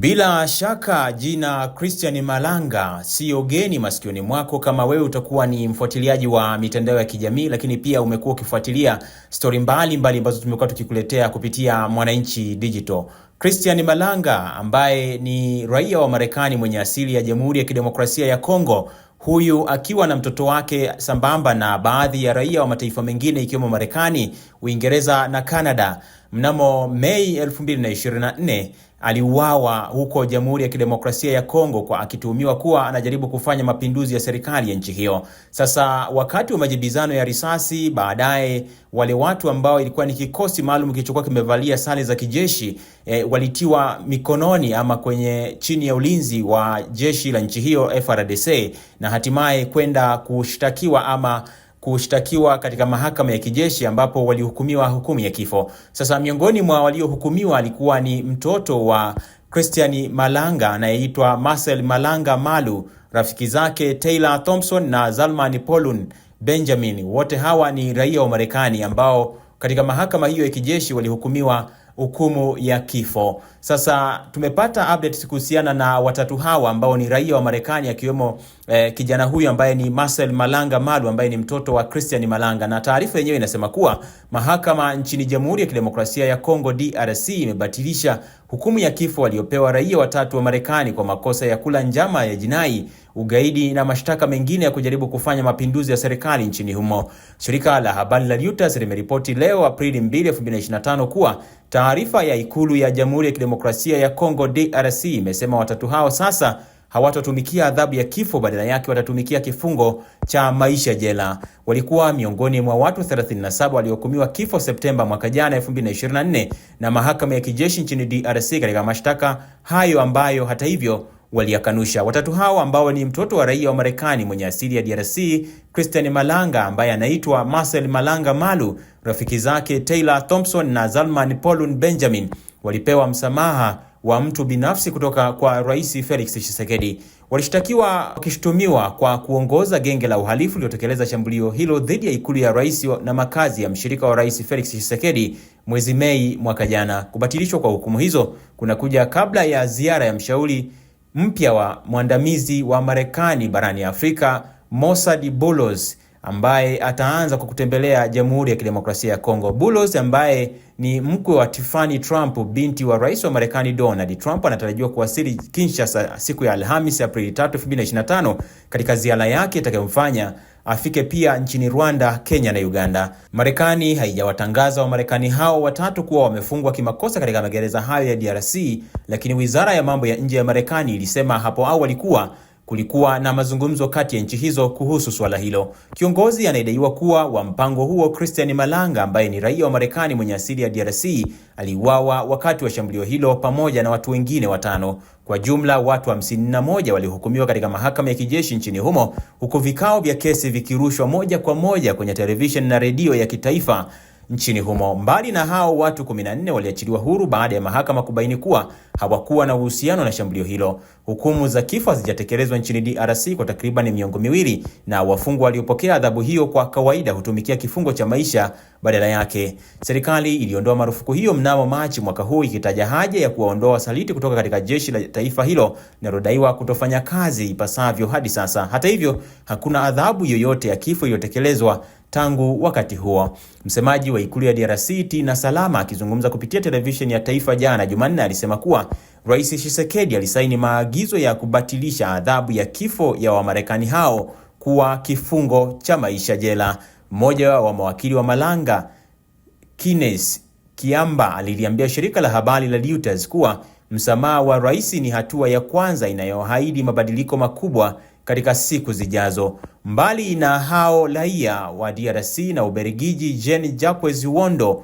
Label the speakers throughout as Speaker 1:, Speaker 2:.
Speaker 1: Bila shaka jina Christian Malanga siyo geni masikioni mwako kama wewe utakuwa ni mfuatiliaji wa mitandao ya kijamii, lakini pia umekuwa ukifuatilia stori mbalimbali ambazo tumekuwa tukikuletea kupitia Mwananchi Digital. Christian Malanga ambaye ni raia wa Marekani mwenye asili ya Jamhuri ya Kidemokrasia ya Kongo huyu akiwa na mtoto wake sambamba na baadhi ya raia wa mataifa mengine ikiwemo Marekani, Uingereza na canada Mnamo Mei 2024 aliuawa huko Jamhuri ya Kidemokrasia ya Kongo kwa akituhumiwa kuwa anajaribu kufanya mapinduzi ya serikali ya nchi hiyo. Sasa wakati wa majibizano ya risasi baadaye, wale watu ambao ilikuwa ni kikosi maalum kilichokuwa kimevalia sare za kijeshi e, walitiwa mikononi ama kwenye chini ya ulinzi wa jeshi la nchi hiyo frdc na hatimaye kwenda kushtakiwa ama kushtakiwa katika mahakama ya kijeshi ambapo walihukumiwa hukumu ya kifo. Sasa miongoni mwa waliohukumiwa alikuwa ni mtoto wa Christian Malanga anayeitwa Marcel Malanga Malu, rafiki zake Taylor Thompson na Zalman Polun Benjamin. Wote hawa ni raia wa Marekani ambao katika mahakama hiyo ya kijeshi walihukumiwa hukumu ya kifo. Sasa tumepata updates kuhusiana na watatu hawa ambao ni raia wa Marekani akiwemo eh, kijana huyu ambaye ni Marcel Malanga Malu ambaye ni mtoto wa Christian Malanga, na taarifa yenyewe inasema kuwa mahakama nchini Jamhuri ya Kidemokrasia ya Kongo DRC imebatilisha hukumu ya kifo waliopewa raia watatu wa Marekani kwa makosa ya kula njama ya jinai ugaidi na mashtaka mengine ya kujaribu kufanya mapinduzi ya serikali nchini humo. Shirika la habari la Reuters limeripoti leo Aprili 2, 2025 kuwa taarifa ya ikulu ya Jamhuri ya Kidemokrasia ya Kongo DRC imesema watatu hao sasa hawatatumikia adhabu ya kifo, badala yake watatumikia kifungo cha maisha jela. Walikuwa miongoni mwa watu 37 waliohukumiwa kifo Septemba mwaka jana 2024 na mahakama ya kijeshi nchini DRC katika mashtaka hayo ambayo hata hivyo waliyakanusha. Watatu hao ambao ni mtoto wa raia wa Marekani mwenye asili ya DRC, Christian Malanga ambaye anaitwa Marcel Malanga Malu, rafiki zake Taylor Thompson na Zalman Paulun Benjamin walipewa msamaha wa mtu binafsi kutoka kwa Rais Felix Tshisekedi. Walishtakiwa wakishutumiwa kwa kuongoza genge la uhalifu lililotekeleza shambulio hilo dhidi ya ikulu ya rais na makazi ya mshirika wa Rais Felix Tshisekedi mwezi Mei mwaka jana. Kubatilishwa kwa hukumu hizo kunakuja kabla ya ziara ya mshauri mpya wa mwandamizi wa Marekani barani Afrika, Mossad Boulos ambaye ataanza kwa kutembelea Jamhuri ya Kidemokrasia ya Kongo. Boulos ambaye ni mkwe wa Tiffany Trump, binti wa rais wa Marekani Donald Trump, anatarajiwa kuwasili Kinshasa siku ya Alhamis Aprili 3, 2025 katika ziara yake itakayomfanya afike pia nchini Rwanda, Kenya na Uganda. Marekani haijawatangaza Wamarekani hao watatu kuwa wamefungwa kimakosa katika magereza hayo ya DRC, lakini wizara ya mambo ya nje ya Marekani ilisema hapo awali kuwa kulikuwa na mazungumzo kati ya nchi hizo kuhusu suala hilo. Kiongozi anayedaiwa kuwa wa mpango huo, Christian Malanga, ambaye ni raia wa Marekani mwenye asili ya DRC, aliuawa wakati wa shambulio hilo pamoja na watu wengine watano. Kwa jumla watu 51 wa walihukumiwa katika mahakama ya kijeshi nchini humo, huku vikao vya kesi vikirushwa moja kwa moja kwenye televisheni na redio ya kitaifa nchini humo. Mbali na hao, watu 14 waliachiliwa huru baada ya mahakama kubaini kuwa hawakuwa na uhusiano na shambulio hilo. Hukumu za kifo hazijatekelezwa nchini DRC kwa takriban miongo miwili, na wafungwa waliopokea adhabu hiyo kwa kawaida hutumikia kifungo cha maisha badala yake. Serikali iliondoa marufuku hiyo mnamo Machi mwaka huu, ikitaja haja ya kuwaondoa wasaliti kutoka katika jeshi la taifa hilo linalodaiwa kutofanya kazi ipasavyo hadi sasa. Hata hivyo, hakuna adhabu yoyote ya kifo iliyotekelezwa tangu wakati huo. Msemaji wa ikulu ya DRC Tina Salama akizungumza kupitia televisheni ya taifa jana Jumanne alisema kuwa Rais Tshisekedi alisaini maagizo ya kubatilisha adhabu ya kifo ya Wamarekani hao kuwa kifungo cha maisha jela. Mmoja wa mawakili wa Malanga, Kines Kiamba, aliliambia shirika la habari la Reuters kuwa msamaha wa rais ni hatua ya kwanza inayoahidi mabadiliko makubwa katika siku zijazo. Mbali na hao raia wa DRC na Ubelgiji, Jean Jacques Wondo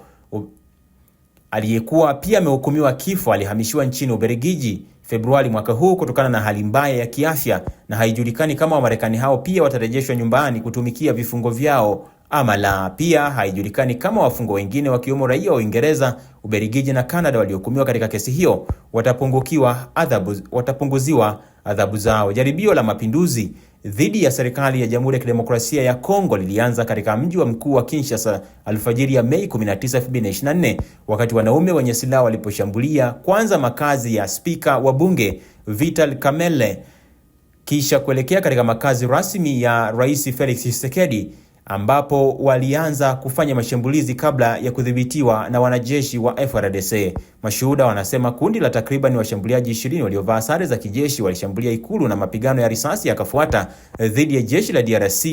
Speaker 1: aliyekuwa pia amehukumiwa kifo alihamishiwa nchini Ubelgiji Februari mwaka huu kutokana na hali mbaya ya kiafya, na haijulikani kama Wamarekani hao pia watarejeshwa nyumbani kutumikia vifungo vyao ama la. Pia haijulikani kama wafungwa wengine wakiwemo raia wa Uingereza, Ubelgiji na canada waliohukumiwa katika kesi hiyo watapungukiwa adhabu, watapunguziwa adhabu zao. Jaribio la mapinduzi dhidi ya serikali ya Jamhuri ya Kidemokrasia ya Kongo lilianza katika mji wa mkuu wa Kinshasa alfajiri ya Mei 19, 2024 wakati wanaume wenye silaha waliposhambulia kwanza makazi ya spika wa bunge Vital Kamerhe kisha kuelekea katika makazi rasmi ya Rais Felix Tshisekedi ambapo walianza kufanya mashambulizi kabla ya kudhibitiwa na wanajeshi wa frdc Mashuhuda wanasema kundi la takriban washambuliaji 20 waliovaa sare za kijeshi walishambulia ikulu na mapigano ya risasi yakafuata dhidi ya jeshi la DRC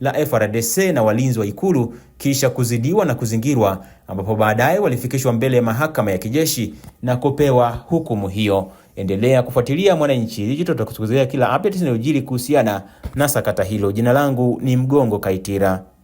Speaker 1: la frdc na walinzi wa ikulu kisha kuzidiwa na kuzingirwa ambapo baadaye walifikishwa mbele ya mahakama ya kijeshi na kupewa hukumu hiyo. Endelea kufuatilia Mwananchi Digital, tutakutuzea kila update inayojiri kuhusiana na sakata hilo. Jina langu ni Mgongo Kaitira.